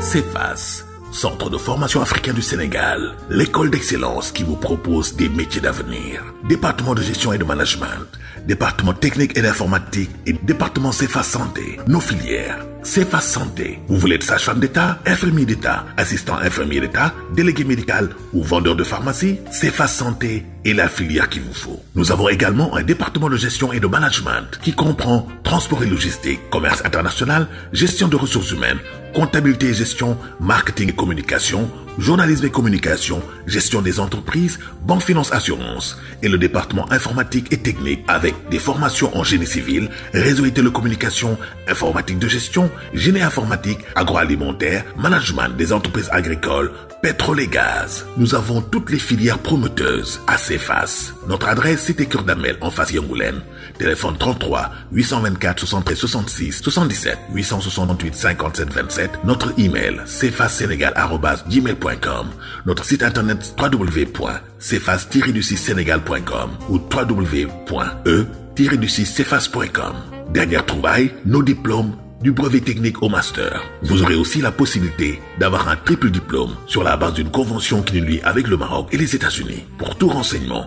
CEFAS, Centre de formation africain du Sénégal, l'école d'excellence qui vous propose des métiers d'avenir. Département de gestion et de management, département technique et informatique et département CEFAS Santé, nos filières. CEFAS Santé, vous voulez être sage-femme d'État, infirmier d'État, assistant infirmier d'État, délégué médical ou vendeur de pharmacie, CEFAS Santé est la filière qu'il vous faut. Nous avons également un département de gestion et de management qui comprend transport et logistique, commerce international, gestion de ressources humaines, comptabilité et gestion, marketing et communication, journalisme et communication, gestion des entreprises, banque finance assurance et le département informatique et technique avec des formations en génie civil, réseau et télécommunication, informatique de gestion, génie informatique, agroalimentaire, management des entreprises agricoles, pétrole et gaz. Nous avons toutes les filières prometteuses à faces. Notre adresse, c'était Cœur d'Amel en face Yangoulen, Téléphone 33 824 73 66 77 868 57 25 notre email arrobas gmail.com notre site internet www.cfas-sénégal.com ou www.e-cfas.com. Dernière trouvaille, nos diplômes du brevet technique au master. Vous aurez aussi la possibilité d'avoir un triple diplôme sur la base d'une convention qui nous lie avec le Maroc et les États-Unis. Pour tout renseignement,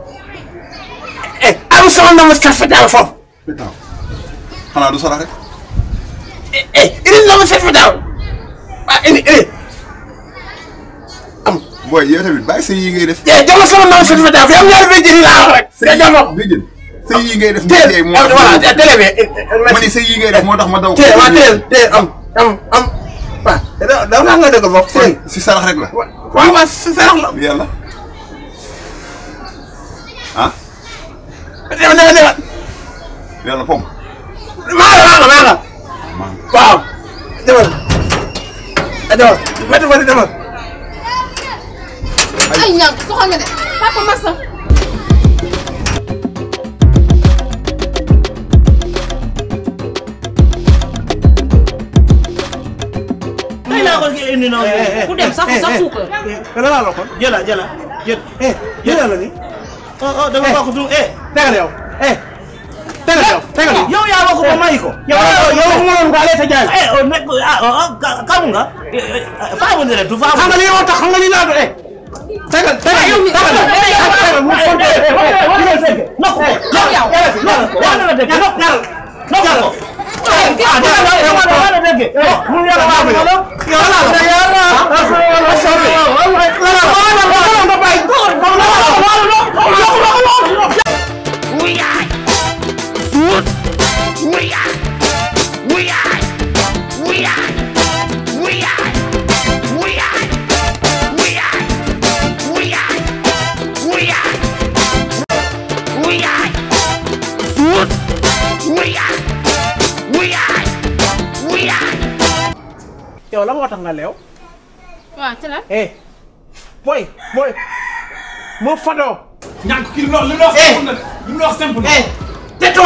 soxna ma fetfetaal foofu. fetaaw xanaa du sarax rek. eh eh indi la ma fetfetaal ah indi eh. am booy yow tamit bàyyi sa yi ngay def. eh jox ma soxna ma fetfetaal yow ñaar béy jëli laa wax rek. nga eh, jox ma béjjën sa yi ngay def. teel ah, voilà télé bi. ma ni sa yi ngay def moo tax ma daw. teel waaw teel teel am am am waaw. da da nga dëgg bopp. si sarax rek la. waaw waaw si sarax la. yàlla. Jangan, jangan, jangan. Biarlah, Pong. Mana, mana, mana? Pong. Jangan. Jangan. Mati, mati, jangan. Ay, nyang. Sokan gede. Papa, masa. Tay laa ko indi na ku dem safu safu ko. Kala laa la ko. Jëla jëla. Jël. Eh, jëla la ni. oh oh dama bokk du eh. tegal yow eh. tegal yow tegal yow. yow yaa waxu ba mayi ko. yow yow waxu ma sa jaay. eh oh nekk ah kamu nga. faamu ne rek du faamu. xam nga li yow tax xam nga li laa doon eh. tegal tegal yow mi tegal tegal mu fon tegal tegal tegal tegal nokku ko yow yow nokku ko wala la dégg nokku ko nokku ko ah dégg nga yow wala la dégg. mun nga la baax yow wala la tax não, leew. não, ci não, eh não booy não, fadoo. não, kii não, mu não, lu não, wax não, eh não, toi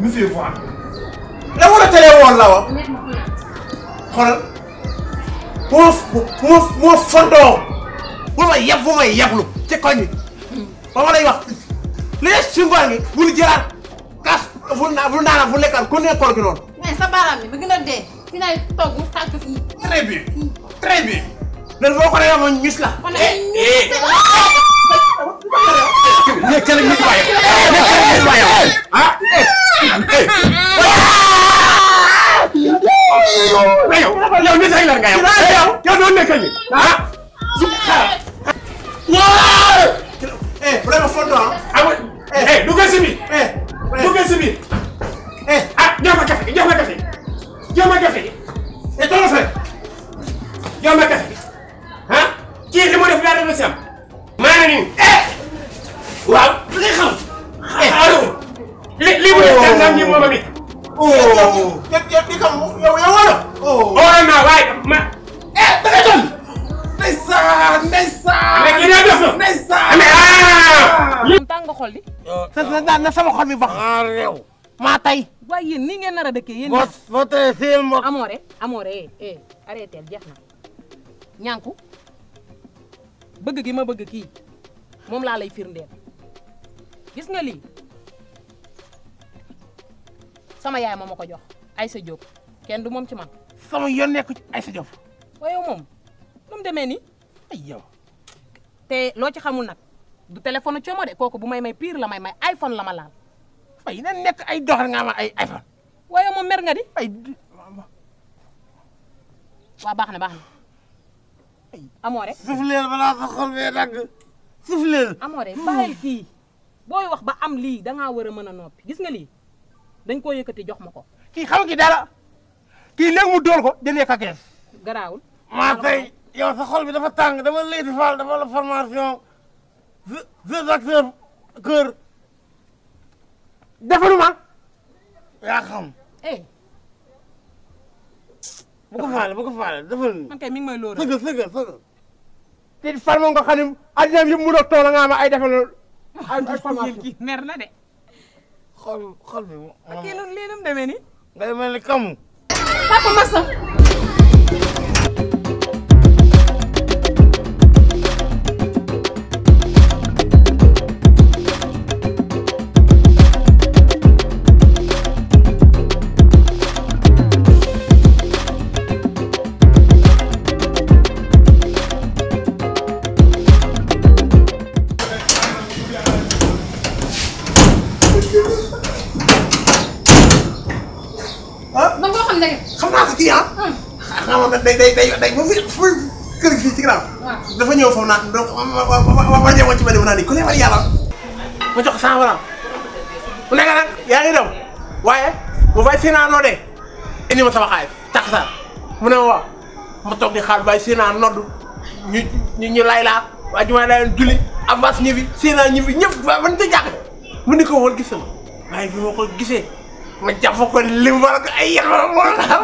não, Voie. não, war não, tëlee não, la não, xoolal não, moo não, fadoo. não, ma não, bu não, yablu não, koñ não, ba não, lay não, les não, gi não, jëlaat não, bul não é, não, bul não, ku não, gi não, mais não, baaraam não, bëgg não, dee. ñu lay toog mu tàgg fii. très bien très bien. loolu boo xoolee amoon ñus la. kon ay ñus la. nekkal ak nit waaye nekkal ak nit waaye ah. yow yow nit rek la nga yow yow doo nekkal ni ah. gangi mo mami oh yet yet di kam wala oh oh na ma eh da nga jël ndeysaan ndeysaan rek ina def ndeysaan ah tang nga xol li sa na sama xol mi bax ah rew ma tay waaye yéen nii ngeen nar a eh, film Amore, amore. eh arrêté jeex na bëgg gi ma bëgg kii moom laa lay gis nga sama yaay moom ma ko jox Aïssa Diop kenn du moom ci man. sama yoon nekk ci Aïssa Diop. waaye moom nu demee nii ay te loo ci xamul nag du téléphone coomo de kooku bu may may piir la may may iPhone la ma laal. waaye na nekk ay dox nga ma ay iPhone. waaye moom mer nga di. ay waaw baax na baax na. amoore. souffleur booy wax ba am lii da war a mën a noppi gis nga lii. dañ koo yëkkati jox ma ko. kii xam ki dara kii léegi mu dool ko jëndee ka kees. garaawul. maa tey yow sa xol bi dafa tàng dama lay di faal dama la formation deux acteurs cœur. defalu ma. yaa xam. eh. bu ko faale bu ko faale defal. man kay mi ngi may lóore sëgal sëgal sëgal. te farma nga xam ne addina yëpp mu doog tool nga am ay defal ay ay formation mer na de. xol xol bi. moom ak kii lu lii nu mu demee nii. ngay mel ni kamu. papa Massa. day day day day ba fu kër gi dafa ñëw foofu naan donc wàññeeku woon ci benn naan ni ku ne ma yàlla ma jox ko 100 francs mu nekk nag yaa ngi dem waaye bu fay Sina noo dee indi ma sama xaalis tax saa mu ne ma waaw ma toog di xaar bàyyi Sina noddu ñu ñu ñu laa waa jumaa daa leen julli avance ñi fi Sina ñi fi ñëpp ba mu ni ko woon gis na waaye bi ma ko gisee. ma jàpp ko lim wala ko ay yàlla moo la xam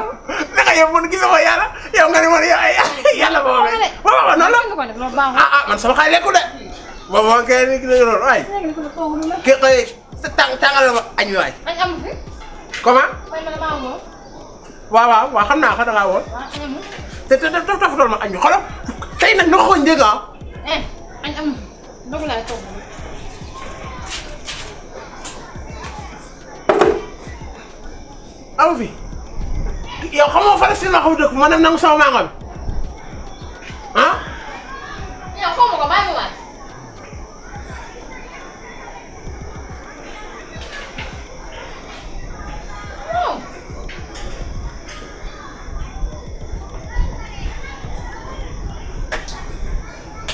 naka yow man gisuma yàlla yow nga ne man yow ay yàlla moo la waaw noonu la ah man sama xaay lekku de boobu man kay nekk loolu waay kii xëy sa ma añ waay. comment. waaw waaw xam naa ko da woon. te te te toog ma añ bi xoolal tey nag na ko njëkk ah. añ amu fi yow xamoo fan si ma xam dëkk ma dem nangu sama mango bi ah. yow xaw ma ko bàyyi ma waay.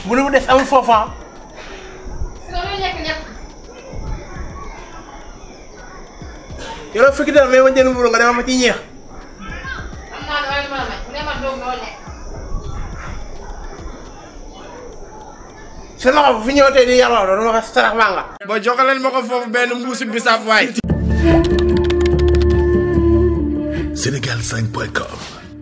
bu nu mu des amul foofa Il a fait mais ma jël mburu nga demal ma ci ñeex. su ma ko fi ñëw tey di yàlla doon ma ko sarax maa nga. boo joxaleen ma ko foofu benn mbuusi Sénégal5.com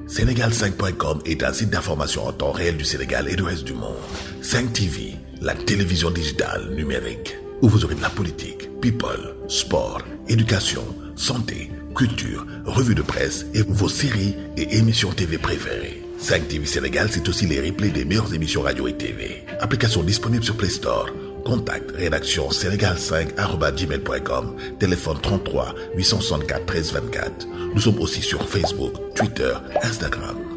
Sénégal5.com est un site d'information en temps réel du Sénégal et du reste du monde. 5 TV, la télévision digitale numérique, où vous aurez de la politique, people, sport, éducation santé, culture, Revue de presse et vos séries et émissions TV préférées. 5 TV Sénégal, c'est aussi les replays des meilleures émissions radio et TV. Application disponible sur Play Store. Contact rédaction sénégal gmail.com téléphone 33 864 13 24. Nous sommes aussi sur Facebook, Twitter, Instagram.